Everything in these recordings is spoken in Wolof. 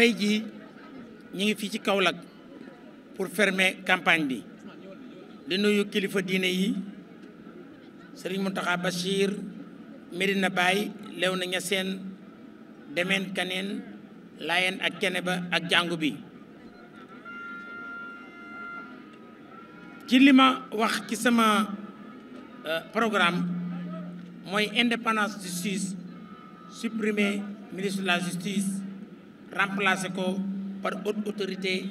tey jii ñu ngi fii ci Kaolack pour fermer campagne bi di nuyu kilifa diine yi Serigne Mountakha Bachir Medina lew Léona Niassène Démène Kaneen Layène ak kene ba ak jàngu bi ci li ma wax ci sama euh, programme mooy indépendance justice supprimer ministre de la justice remplacer ko par haute autorité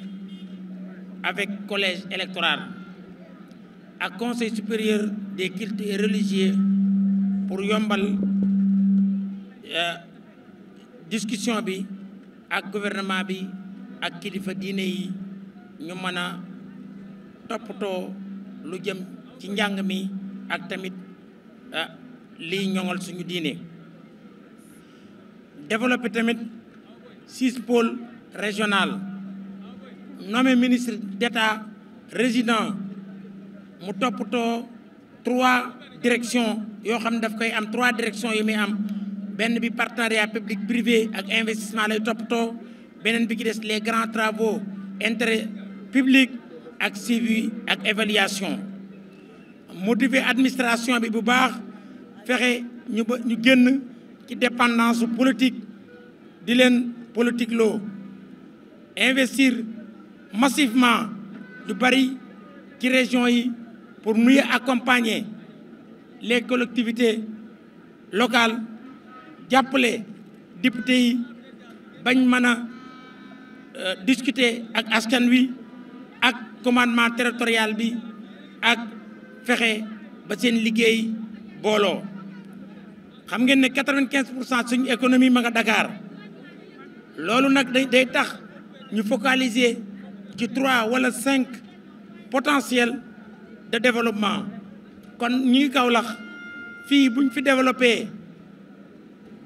avec collège électoral ak conseil supérieur des cultes et pour yombal euh, discussion bi ak gouvernement bi ak kilifa diine yi ñu mën a toppatoo lu jëm ci njàng mi ak tamit euh, liy ñoŋal suñu diine développer tamit six pole régional nommé ministre d'État résident mu toppatoo trois directions yoo xam ne daf koy am trois directions yu muy am benn bi partenariat public privé ak investissement lay toppatoo beneen bi ci des les grands travaux intérêt public ak suivi ak évaluation motiver administration bi bu baax fexe ñu ñu génn ci dépendance politique di leen politique loo investir massivement lu bari ci région yi pour mieux accompagner les collectivité locales jàppale député yi bañ mën a euh, discuter ak askan wi ak commandement territorial bi ak fexe ba seen liggéey booloo xam ngeen ne quatre vingt pour cent suñu économie ma nga Dakar loolu nag day day tax ñu focaliser ci trois wala cinq potentiel de développement kon ñu ngi lax fii buñ fi développé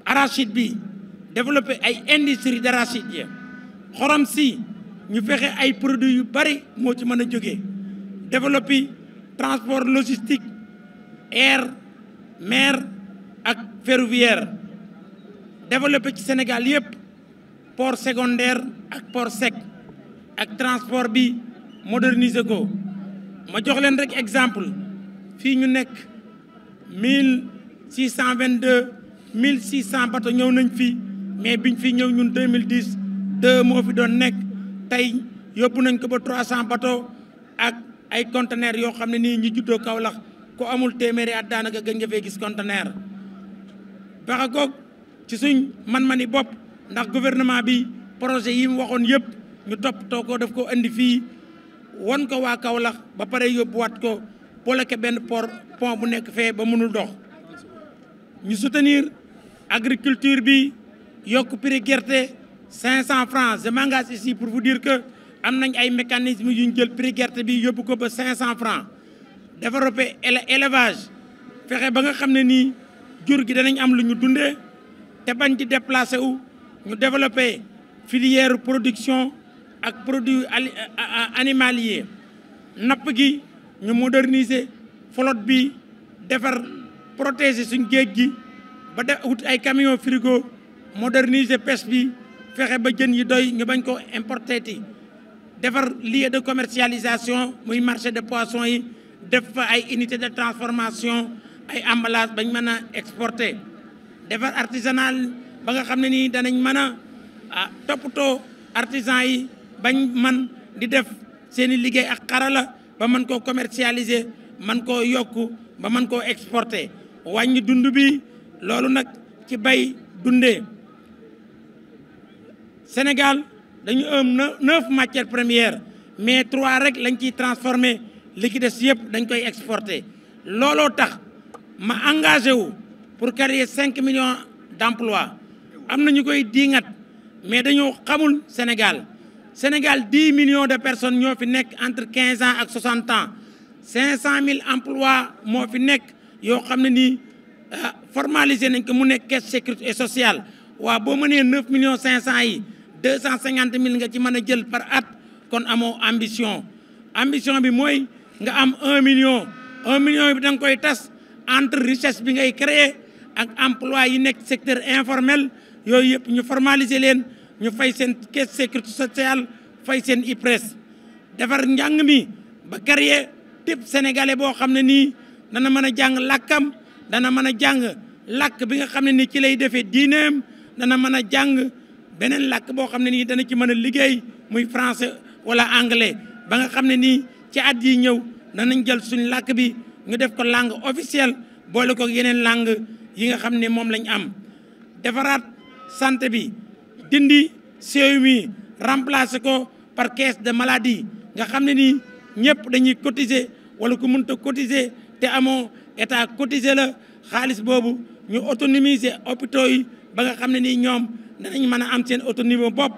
arachide bi développé ay industrie d'arachide yi xorom si ñu fexe ay produits yu bari moo ci mën a jóge développé transport logistique air maire ak ferroviaire développé ci Sénégal yépp port secondaire ak port sec ak transport bi moderniser ko ma jox leen rek exemple fii ñu nekk mille six cent vingt deux mille six cent bateau ñëw nañ fi mais biñ fi ñëw ñun deux mille dix deux moo fi doon nekk tey yóbbu nañ ko ba trois cent bateau ak ay conteneurs yoo xam ne nii ñi juddoo Kaolack ko amul téeméeri at daanaka gën nga fee gis conteneur Paxagoog ci suñ man-mani bopp. ndax gouvernement bi projet yi mu waxoon yëpp ñu too ko def ko indi fii won ko waa Kaolack ba pare yóbbuwaat ko bloqué benn por pont bu nekk fee ba mënul dox ñu soutenir agriculture bi yokk prix gerte cinq cent francs je si ici pour vous dire que am nañ ay mécanismes yu ñu jël prix gerte bi yóbbu ko ba cinq cent francs développer élevage fexe ba nga xam ne nii jur gi danañ am lu ñu dundee te bañ ci déplacé u ñu développer filière production ak produit animalier napp gi ñu moderniser flotte bi defar protéger suñ géej gi ba def wut ay camion frigo moderniser pêche bi fexe ba jën yi doy ñu bañ ko importer defar lieu de commercialisation muy marché de poisson yi def fa ay unité de transformation ay emballage bañ mën a exporter defar artisanal ba nga xam ne nii danañ mën a ah toppatoo artisan yi bañ man di def seen i liggéey ak xarala ba mën koo commercialiser man koo yokku ba man koo exporté wàññi dund bi loolu nag ci bay dundee Sénégal dañu am neuf matières première mais trois rek lañ ciy transformer li ci des yëpp dañ koy exporté looloo tax ma engagé wu pour créer cinq millions d'emplois am na ñu koy diingat mais dañoo xamul Sénégal Sénégal 10 millions de personnes ñoo fi nekk entre 15 ans ak 60 ans 500000 emplois moo fi nekk yoo xam ne nii euh, formalisé nañ ko mu nekk caisse sécurité sociale waaw boo mënee 9 millions 500 yi 250 000 nga ci mën a jël par at kon amoo ambition ambition bi mooy nga am 1 million 1 million bi da nga koy tas entre richesse bi ngay créer ak emploi yi nekk secteur informel. yooyu yëpp ñu formaliser leen ñu fay seen caisse sécurité sociale fay seen IPRES defar njàng mi ba carrière tépp sénégalais boo xam ne nii dana mën a jàng làkkam dana mën a jàng làkk bi nga xam ne nii ci lay defee diineem dana mën a jàng beneen làkk boo xam ne nii dana ci mën a liggéey muy français wala anglais ba nga xam ne nii ci at yi ñëw danañ jël suñ làkk bi nga def ko langue officielle boole ko yeneen làng yi nga xam ne moom lañ am defaraat santé bi dindi CMU remplacer ko par caisse de maladie nga xam ne nii ñëpp dañuy cotiser wala ku mënta cotiser te amoo état cotiser la xaalis boobu ñu autonomiser hôpitaux yi ba nga xam ne nii ñoom danañ mën a am seen autonomie bopp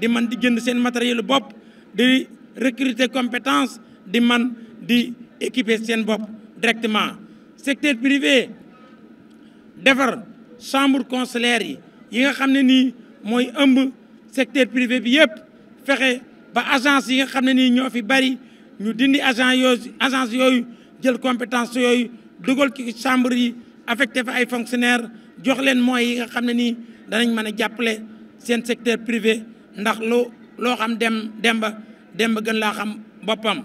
di man di jënd seen matériel bopp di recruter compétence di man di équiper seen bopp directement secteur privé defar chambre consulaire yi yi nga xam ne nii mooy ëmb secteur privé bi yëpp fexe ba agence yi nga xam ne nii ñoo fi bari ñu dindi agent yooyu agence yooyu jël compétence yooyu dugal ci chambre yi affecté fa ay fonctionnaires jox leen mooy yi nga xam ne nii danañ mën a jàppale seen secteur privé ndax loo loo xam dem demba demba gën laa xam boppam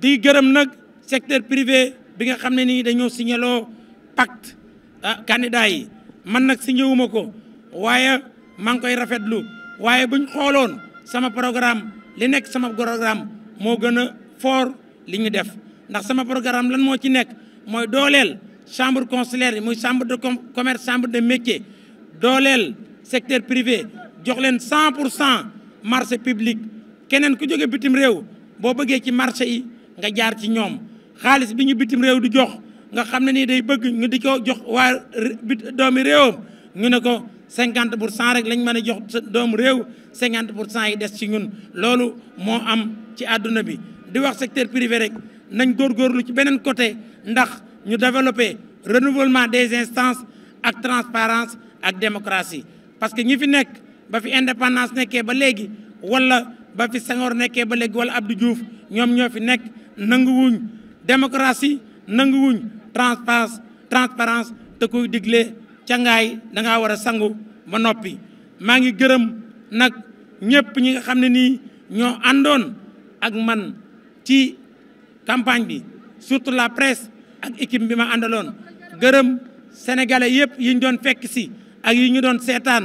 di gërëm nag secteur privé bi nga xam ne nii dañoo signaloo pacte ah candidat yi man nag si ñëwuma ko waaye maa ngi koy rafetlu waaye buñ xooloon sama programme li nekk sama programme moo gën a fort li ñu def ndax sama programme lan moo ci nekk mooy dooleel chambre consulaire yi muy chambre de commerce chambre de métier dooleel secteur privé jox leen 100 pour cent marché public keneen ku jóge bitim réew boo bëggee ci marché yi nga jaar ci ñoom xaalis bi ñu bitim réew di jox nga xam ne nii day bëgg ñu di ko jox waa doom doomi réew ñu ne ko cinquante pour cent rek lañ mën a jox sa doomu réew cinquante pour cent yi des ci ñun loolu moo am ci àdduna bi di wax secteur privé rek nañ góorgóorlu ci beneen côté ndax ñu développé renouvellement des instances ak transparence ak démocratie parce que ñi fi nekk ba fi indépendance nekkee ba léegi wala ba fi Senghor nekkee ba léegi wala Abdou Diouf ñoom ñoo fi nekk nanguwuñ démocratie nanguwuñ transparence transparence te kuy digle cangaay da ngaa war a sangu ba noppi maa ngi gërëm nag ñëpp ñi nga xam ne nii ñoo àndoon ak man ci campagne bi surtout la presse ak équipe bi ma àndaloon gërëm sénégalais yëpp yi ñu doon fekk si ak yi ñu doon seetaan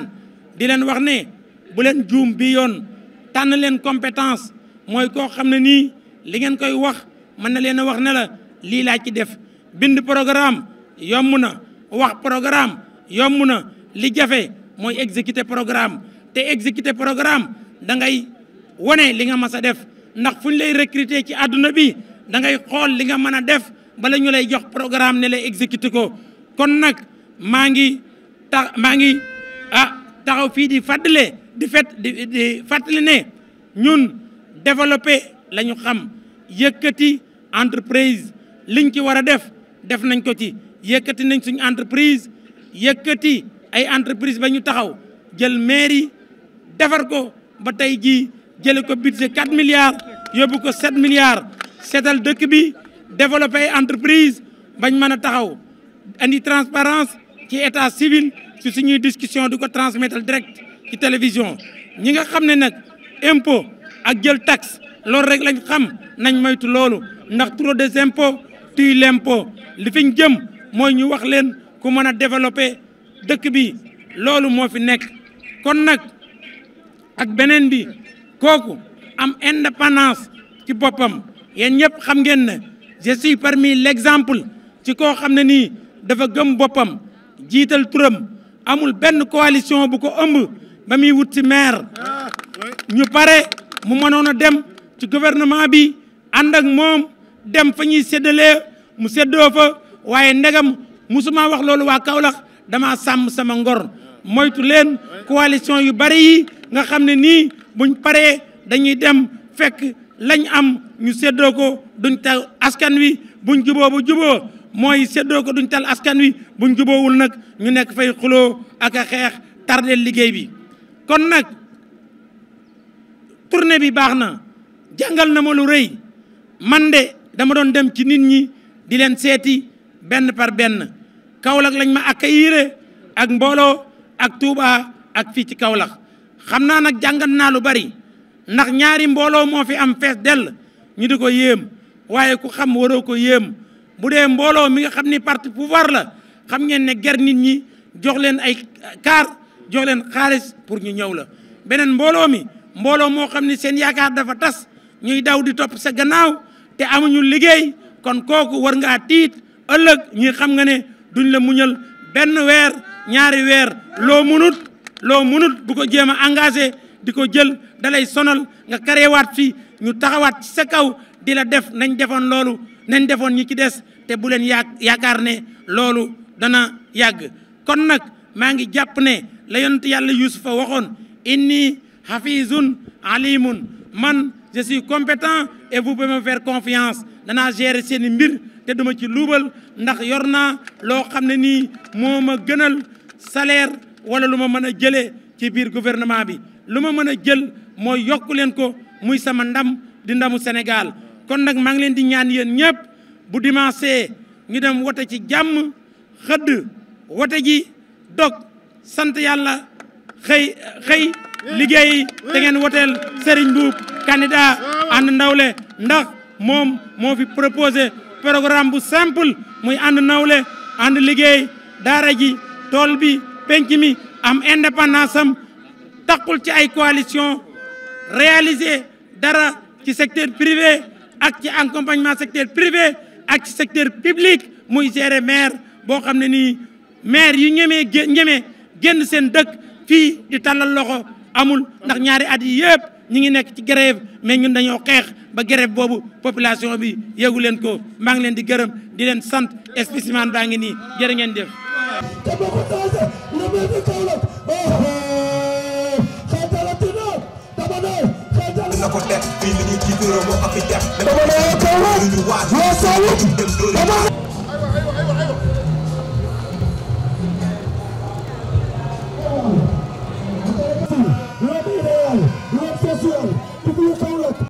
di leen wax ne bu leen juum bi yoon tànn leen compétence mooy koo xam ne nii li ngeen koy wax mën na leen a wax ne la lii laa ci def bind programme yomb na wax programme yomb na li jafe mooy exécuter programme te exécuter programme da ngay wane li nga mas a def ndax fu ñu lay recruter ci àdduna bi da ngay xool li nga mën a def bala ñu lay jox programme ne lay exécuter ko kon nag maa ngi ta maa ngi ah taxaw fii di fàttali di fet di di fàttali ne ñun développé la ñu xam yëkkati entreprise liñ ci war a def def nañ ko ci yëkkati nañ suñ entreprise yëkkati ay entreprise ba ñu taxaw jël mairie defar ko ba tey jii jële ko budget 4 milliards yóbbu ko 7 milliards seetal dëkk bi développer ay entreprise bañ mën a taxaw andi transparence ci état civil ci suñuy discussion di ko transmettre direct ci télévision ñi nga xam ne nag impôt ak jël tax loolu rek lañ xam nañ moytu loolu ndax trop de impôts tuy lempo li fi jëm mooy ñu wax leen ku mën a développer dëkk bi loolu moo fi nekk kon nag ak beneen bi kooku am indépendance ci boppam yéen ñëpp xam ngeen ne je suis parmi l'exemple ci koo xam ne nii dafa gëm boppam jiital turam amul benn coalition bu ko ëmb ba muy wut ci maire ah, ñu pare mu mënoon a dem ci gouvernement bi ànd ak moom dem fa ñuy séddalee mu seddoo fa waaye ndegam musuma wax loolu waa Kaolack dama sàmm sama ngor moytu leen coalition yu bari yi nga xam ne nii buñ paree dañuy dem fekk lañ am ñu seddoo ko duñ tal askan wi buñ juboo bu juboo mooy seddoo ko duñ tal askan wi buñ juboowul nag ñu nekk fay xuloo ak a xeex tardeel liggéey bi kon nag tournée bi baax na jàngal na ma lu rëy man de dama doon dem ci nit ñi di leen seeti benn par benn Kaolack lañ ma accueillir ak mbooloo ak Touba ak fii ci Kaolack xam naa nag jàngat naa lu bari ndax ñaari mbooloo moo fi am fees dell ñu di ko yéem waaye ku xam waroo ko yéem bu dee mbooloo mi nga xam ni parti pouvoir la xam ngeen ne ger nit ñi jox leen ay kaar jox leen xaalis pour ñu ñëw la beneen mbooloo mi mbooloo moo xam ni seen yaakaar dafa tas ñuy daw di topp sa gannaaw te amuñu liggéey kon kooku war ngaa tiit ëllëg ñi xam nga ne duñ la muñal benn weer ñaari weer loo munut loo munut bu ko jéem a engagé di ko jël dalay sonal nga karewaat fi ñu taxawaat ci sa kaw di la def nañ defoon loolu nañ defoon ñi ci des te bu leen yaa yaakaar ne loolu dana yàgg kon nag maa ngi jàpp ne la yonent yàlla yusufa waxoon inni hafizun alimun man je compétent et vous pouvez confiance danaa gérer seen i mbir te duma ci luubal ndax yor naa loo xam ne nii moo a gënal salaire wala lu ma mën a jëlee ci biir gouvernement bi lu ma mën a jël mooy yokku leen ko muy sama ndam di ndamu Sénégal kon nag maa ngi leen di ñaan yéen ñëpp bu dimanche ngi dem wote ci jàmm xëdd wote ji dog sant yàlla xëy xëy liggéey da ngeen woteel Serigne Mboup candidat ànd ndawle ndax moom moo fi proposé programme bu simple muy ànd nawle ànd liggéey daara ji tool bi penc mi am indépendance am takkul ci ay coalition réaliser dara ci secteur privé ak ci accompagnement secteur privé ak ci secteur public muy gérer maire boo xam ne nii maire yu ñemee ñemee génn seen dëkk fii di tàllal loxo amul ndax ñaari at yi yëpp ñu ngi nekk ci grève mais ñun dañoo xeex ba grève boobu population bi yëgu leen ko maa ngi leen di gërëm di leen sant spécimen baa ngi ni jërë ngeen def na ko def